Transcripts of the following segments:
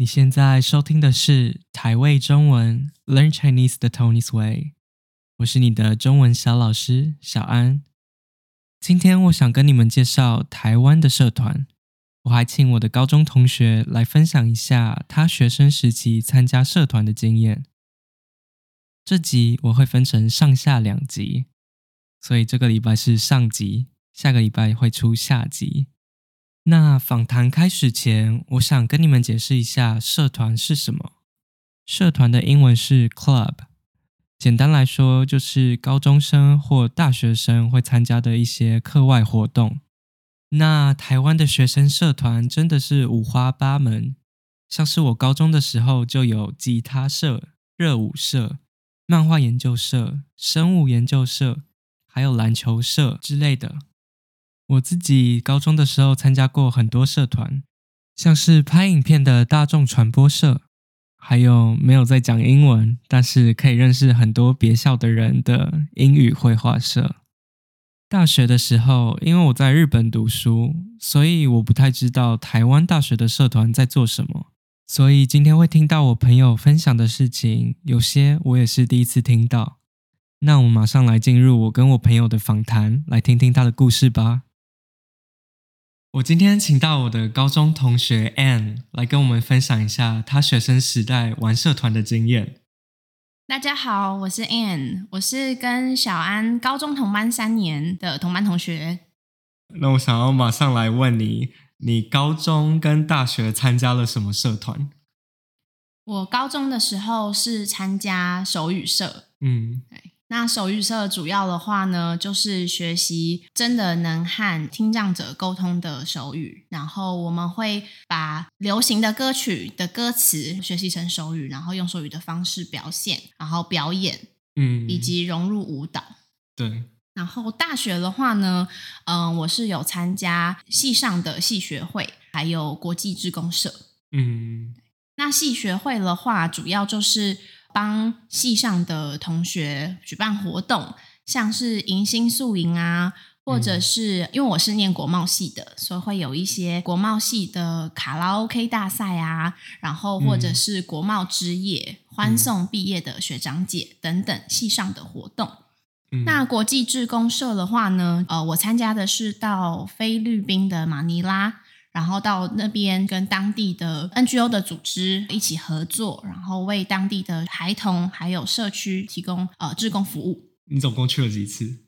你現在收聽的是台味中文 Learn Chinese the Taiwanese Way，我是你的中文小老師小安。今天我想跟你們介紹台灣的社團，我還請我的高中同學來分享一下他學生時期參加社團的經驗。這集我會分成上下兩集，所以這個禮拜是上集，下個禮拜會出下集。那訪談開始前，我想跟你們解釋一下社團是什麼。社團的英文是 club，簡單來說就是高中生或大學生會參加的一些課外活動。那台灣的學生社團真的是五花八門，像是我高中的時候就有吉他社、熱舞社、漫畫研究社、生物研究社，還有籃球社之類的。我自己高中的時候參加過很多社團，像是拍影片的大眾傳播社，還有沒有在講英文，但是可以認識很多別校的人的英語會話社。大學的時候，因為我在日本讀書，所以我不太知道台灣大學的社團在做什麼。所以今天會聽到我朋友分享的事情，有些我也是第一次聽到。那我馬上來進入我跟我朋友的訪談，來聽聽他的故事吧。我今天請到我的高中同學 Anne 來跟我們分享一下他學生時代玩社團的經驗。大家好，我是 Anne，我是跟小安高中同班三年的同班同學。那我想要馬上來問你，你高中跟大學參加了什麼社團？我高中的時候是參加手語社。嗯。那手語社主要的話呢，就是學習真的能和聽障者溝通的手語，然後我們會把流行的歌曲的歌詞學習成手語，然後用手語的方式表現，然後表演，嗯，以及融入舞蹈。對。然後大學的話呢，嗯、呃，我是有參加系上的系學會，還有國際志工社。嗯。那系學會的話，主要就是。幫系上的同學舉辦活動，像是迎新宿營啊，或者是、嗯、因為我是念國貿系的，所以會有一些國貿系的卡拉 OK 大賽啊，然後或者是國貿之夜、嗯、歡送畢業的學長姐、嗯、等等系上的活動。嗯、那國際志工社的話呢，呃，我參加的是到菲律賓的馬尼拉。然後到那邊跟當地的 NGO 的組織一起合作，然後為當地的孩童還有社區提供呃志工服務。你總共去了幾次？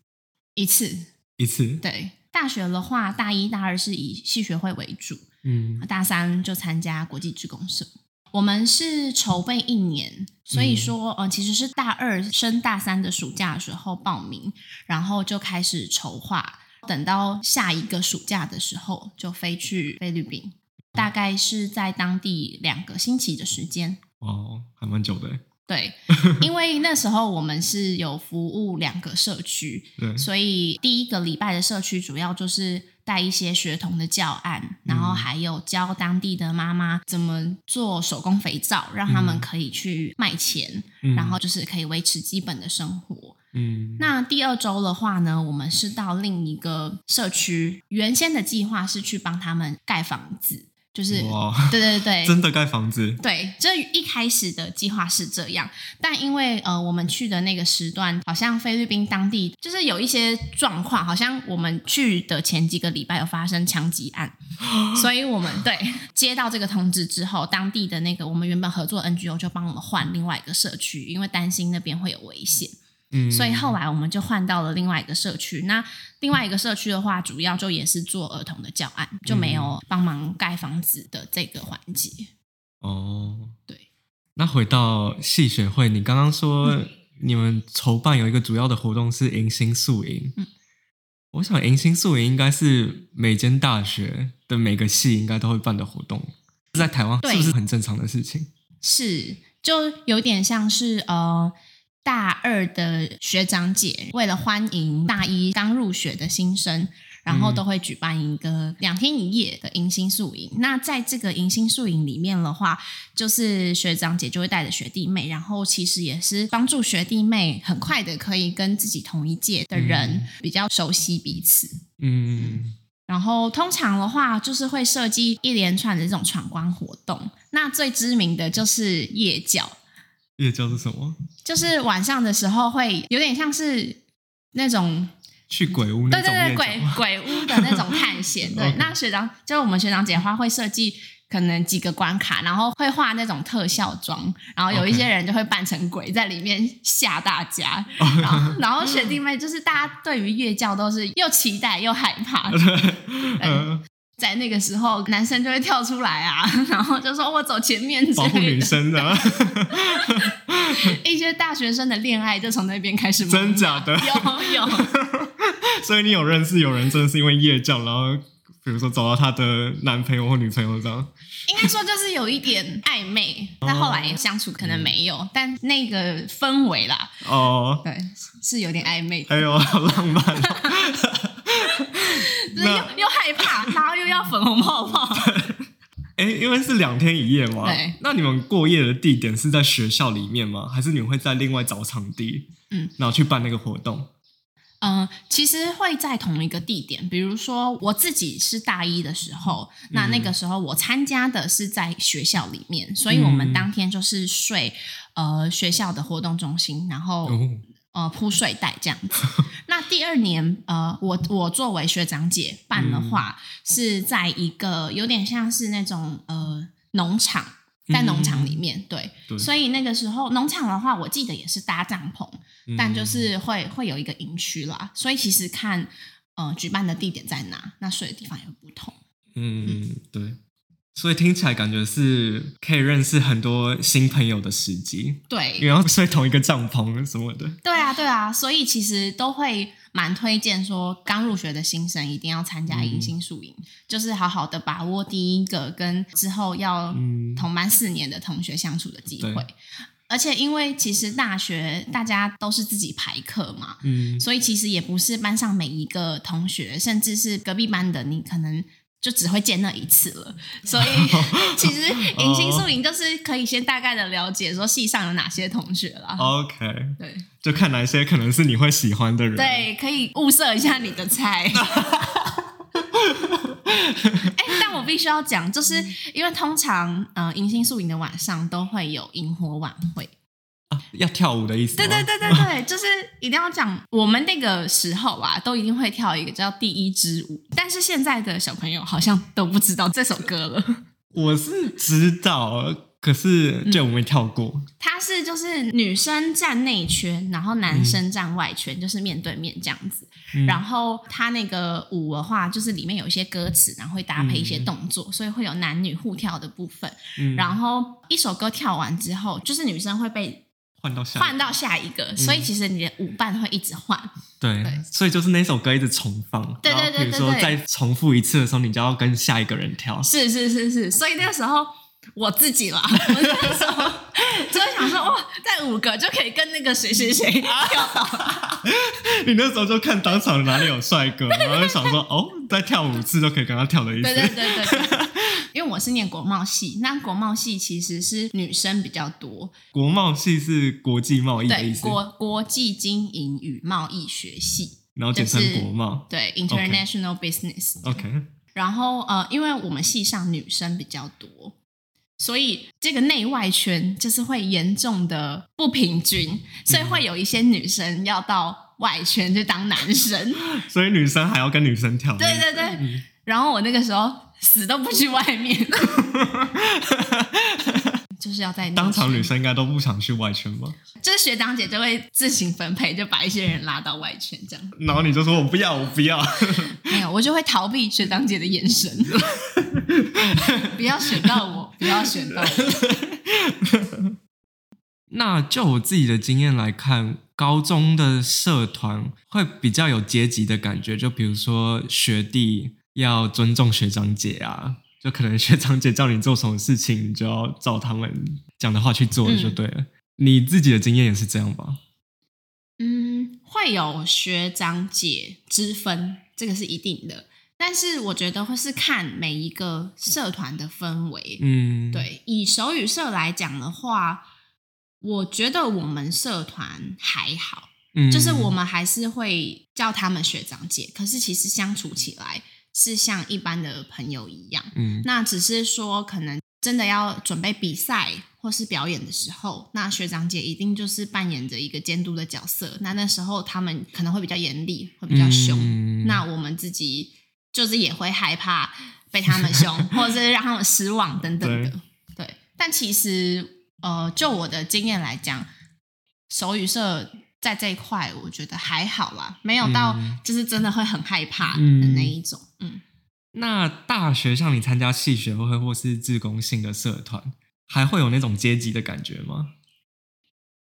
一次，一次。對，大學的話，大一、大二是以系學會為主，嗯，大三就參加國際志工社。我們是籌備一年，所以說，嗯、呃、其實是大二升大三的暑假的時候報名，然後就開始籌劃。等到下一個暑假的時候，就飛去菲律賓，大概是在當地兩個星期的時間。哦，還蠻久的。對， 因為那時候我們是有服務兩個社區，對，所以第一個禮拜的社區主要就是帶一些學童的教案，嗯、然後還有教當地的媽媽怎麼做手工肥皂，讓他們可以去賣錢，嗯、然後就是可以維持基本的生活。嗯，那第二週的話呢，我們是到另一個社區。原先的計劃是去幫他們蓋房子，就是哇對對對，真的蓋房子。對，這一開始的計劃是這樣，但因為呃，我們去的那個時段好像菲律賓當地就是有一些狀況，好像我們去的前幾個禮拜有發生槍擊案，哦，所以我們，對，接到這個通知之後，當地的那個我們原本合作的 NGO 就幫我們換另外一個社區，因為擔心那邊會有危險。嗯、所以後來我們就換到了另外一個社區。那另外一個社區的話，主要就也是做兒童的教案，就沒有幫忙蓋房子的這個環節。哦，對。那回到系學會，你剛剛說、嗯、你們籌辦有一個主要的活動是迎新宿營。嗯，我想迎新宿營應該是每間大學的每個系應該都會辦的活動，在台灣是不是很正常的事情？是，就有點像是呃。大二的學長姐為了歡迎大一剛入學的新生，然後都會舉辦一個兩天一夜的迎新宿營。那在這個迎新宿營裡面的話，就是學長姐就會帶着學弟妹，然後其實也是幫助學弟妹很快的可以跟自己同一屆的人比較熟悉彼此。嗯，嗯，然後通常的話就是會設計一連串的這種闖關活動，那最知名的就是夜教。夜教是什麼？就是晚上的時候會有點像是那種去鬼屋那種，對對對，鬼鬼屋的那種探險。 對，Okay. 那學長就是我們學長姐的話會設計可能幾個關卡，然後會畫那種特效妝，然後有一些人就會扮成鬼在裡面嚇大家。然後學弟妹就是大家對於夜教都是又期待又害怕。 對呃在那個時候，男生就會跳出來啊，然後就說“我走前面”去保護女生的。 一些大學生的戀愛就從那邊開始。真假的？有有。有 所以你有認識有人真的是因為夜教，然後比如說找到他的男朋友或女朋友這樣？應該說就是有一點曖昧， 但後來相處可能沒有，嗯、但那個氛圍啦，哦，對，是有點曖昧。哎呦，好浪漫喔。 那又又害怕。又要粉紅泡泡？哎，因為是兩天一夜嘛。對那你們過夜的地點是在學校裡面嗎？還是你們會在另外找場地？嗯。然後去辦那個活動。嗯、呃，其實會在同一個地點。比如說，我自己是大一的時候，那那個時候我參加的是在學校裡面，嗯、所以我們當天就是睡呃學校的活動中心，然後。呃，鋪睡袋這樣子。那第二年，呃，我我作為學長姐辦的話，嗯、是在一個有點像是那種呃農場，在農場裡面、嗯、對。對。所以那個時候，農場的話，我記得也是搭帳篷，但就是會會有一個營區啦。所以其實看呃舉辦的地點在哪，那睡的地方也不同。嗯，對。所以聽起來感覺是可以認識很多新朋友的時機，對，然後要睡同一個帳篷什麼的。對啊，對啊，所以其實都會蠻推薦說，剛入學的新生一定要參加迎新宿營，嗯、就是好好的把握第一個跟之後要同班四年的同學相處的機會。嗯、而且因為其實大學大家都是自己排課嘛，嗯，所以其實也不是班上每一個同學，甚至是隔壁班的，你可能。就只會見那一次了，所以其實迎新宿營就是可以先大概的了解說系上有哪些同學啦 OK，對，就看哪些可能是你會喜歡的人。對，可以物色一下你的菜、 欸。但我必須要講，就是因為通常呃迎新宿營的晚上都會有營火晚會。啊、要跳舞的意思，對對對對對， 就是一定要講我們那個時候啊，都一定會跳一個叫第一支舞。但是現在的小朋友好像都不知道這首歌了。我是知道，可是就我沒跳過。它、嗯、是就是女生站內圈，然後男生站外圈，嗯、就是面對面這樣子。嗯、然後他那個舞的話，就是裡面有一些歌詞，然後會搭配一些動作，嗯、所以會有男女互跳的部分。嗯、然後一首歌跳完之後，就是女生會被。換到下一個，一個嗯、所以其實你的舞伴會一直換。對，對所以就是那首歌一直重放。對對對比如說再重複一次的時候，你就要跟下一個人跳。是是是是，所以那個時候我自己啦，我那時候 就會想說哇，再五個就可以跟那個誰誰誰跳到。 你那時候就看當場哪裡有帥哥，然後就想說 哦，再跳五次就可以跟他跳了一次。對,對對對對。 因為我是念國貿系，那國貿系其實是女生比較多。國貿系是國際貿易的意思，國國際經營與貿易學系，然後簡稱國貿。就是、對，International Business。OK。然後呃，因為我們系上女生比較多，所以這個內外圈就是會嚴重的不平均，所以會有一些女生要到外圈去當男生。嗯、 所以女生還要跟女生跳。對對對。嗯、然後我那個時候。死都不去外面， 就是要在當場。女生應該都不想去外圈吧？就是學長姐就會自行分配，就把一些人拉到外圈，這樣。嗯、然後你就說：“我不要，我不要。” 沒有，我就會逃避學長姐的眼神。 不要選到我，不要選到我。 那就我自己的經驗來看，高中的社團會比較有階級的感覺，就比如說學弟。要尊重學長姐啊，就可能學長姐叫你做什麼事情，你就要照他們講的話去做就對了。嗯，你自己的經驗也是這樣吧？嗯，會有學長姐之分，這個是一定的。但是我覺得會是看每一個社團的氛圍。嗯，對，以手語社來講的話，我覺得我們社團還好，嗯，就是我們還是會叫他們學長姐。可是其實相處起來，嗯是像一般的朋友一樣，嗯，那只是說可能真的要準備比賽或是表演的時候，那學長姐一定就是扮演着一個監督的角色，那那時候他們可能會比較嚴厲，會比較凶，嗯，那我們自己就是也會害怕被他們凶， 或者是讓他們失望等等的。對，對，但其實呃，就我的經驗來講，手語社。在這一塊，我覺得還好啦，沒有到就是真的會很害怕的那一種。嗯，嗯嗯，那大學像你參加系學會或是志工性的社團，還會有那種階級的感覺嗎？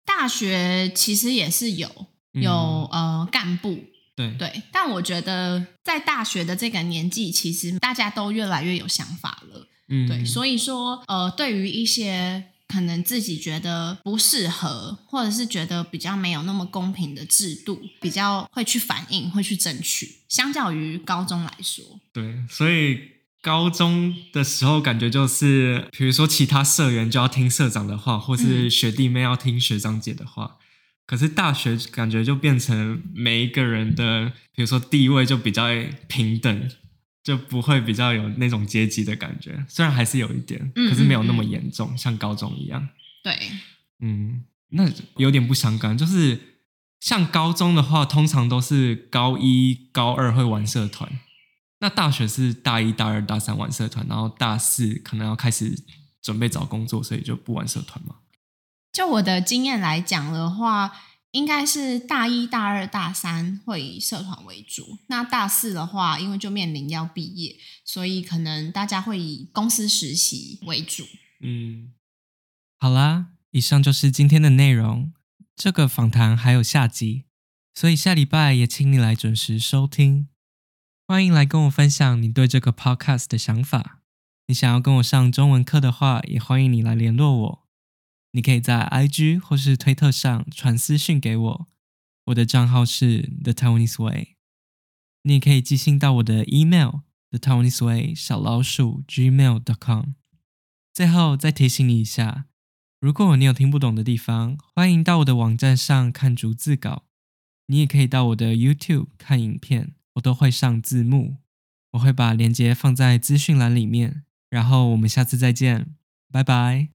大學其實也是有有、嗯、呃幹部，對對，但我覺得在大學的這個年紀，其實大家都越來越有想法了。嗯，對，所以說呃，對於一些。可能自己覺得不適合，或者是覺得比較沒有那麼公平的制度，比較會去反應，會去爭取。相較於高中來說，對，所以高中的時候感覺就是，比如說其他社員就要聽社長的話，或是學弟妹要聽學長姐的話。嗯、可是大學感覺就變成每一個人的，嗯、比如說地位就比較平等。就不會比較有那種階級的感覺，雖然還是有一點，可是沒有那麼嚴重，嗯嗯嗯像高中一樣。對，嗯，那有點不相干。就是像高中的話，通常都是高一、高二會玩社團，那大學是大一大二大三玩社團，然後大四可能要開始準備找工作，所以就不玩社團嘛。就我的經驗來講的話。應該是大一、大二、大三會以社團為主，那大四的話，因為就面臨要畢業，所以可能大家會以公司實習為主。嗯，好啦，以上就是今天的內容。這個訪談還有下集，所以下禮拜也請你來準時收聽。歡迎來跟我分享你對這個 podcast 的想法。你想要跟我上中文課的話，也歡迎你來聯絡我。你可以在 IG 或是推特上傳私訊給我，我的賬號是 The Taiwanese Way。你也可以寄信到我的 email the Taiwanese Way 小老鼠 gmail.com。最後再提醒你一下，如果你有聽不懂的地方，歡迎到我的網站上看逐字稿。你也可以到我的 YouTube 看影片，我都會上字幕。我會把鏈接放在資訊欄裡面，然後我們下次再見，拜拜。